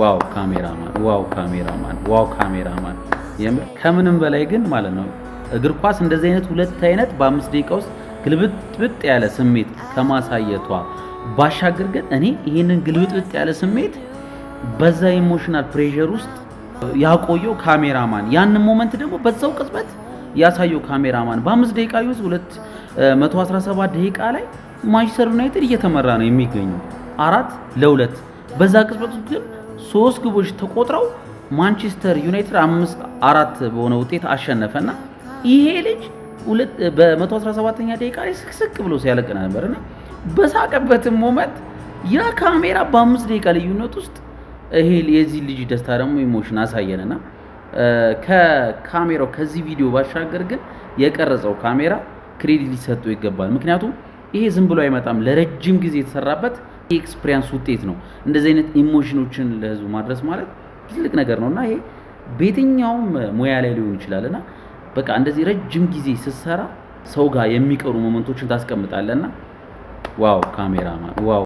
ዋው ካሜራማን፣ ዋው ካሜራማን፣ ዋው ካሜራማን። ከምንም በላይ ግን ማለት ነው እግር ኳስ እንደዚህ አይነት ሁለት አይነት በአምስት ደቂቃ ውስጥ ግልብጥብጥ ያለ ስሜት ከማሳየቷ ባሻገር ግን እኔ ይህንን ግልብጥብጥ ያለ ስሜት በዛ ኢሞሽናል ፕሬር ውስጥ ያቆየው ካሜራማን ያንን ሞመንት ደግሞ በዛው ቅጽበት ያሳየው ካሜራማን በአምስት ደቂቃ ውስጥ 217 ደቂቃ ላይ ማንቸስተር ዩናይትድ እየተመራ ነው የሚገኘው አራት ለሁለት በዛ ቅጽበት ግን ሶስት ግቦች ተቆጥረው ማንቸስተር ዩናይትድ አምስት አራት በሆነ ውጤት አሸነፈና ይሄ ልጅ በ117ኛ ደቂቃ ላይ ስቅስቅ ብሎ ሲያለቅና ነበርና በሳቀበትም ሞመንት ያ ካሜራ በአምስት ደቂቃ ልዩነት ውስጥ ይሄ የዚህ ልጅ ደስታ ደግሞ ኢሞሽን አሳየንና ከካሜራው ከዚህ ቪዲዮ ባሻገር ግን የቀረጸው ካሜራ ክሬዲት ሊሰጠው ይገባል። ምክንያቱም ይሄ ዝም ብሎ አይመጣም። ለረጅም ጊዜ የተሰራበት ኤክስፒሪያንስ ውጤት ነው። እንደዚህ አይነት ኢሞሽኖችን ለህዝቡ ማድረስ ማለት ትልቅ ነገር ነው እና ይሄ በየትኛውም ሙያ ላይ ሊሆን ይችላል እና በቃ እንደዚህ ረጅም ጊዜ ስትሰራ ሰው ጋር የሚቀሩ ሞመንቶችን ታስቀምጣለና ዋው ካሜራማን ዋው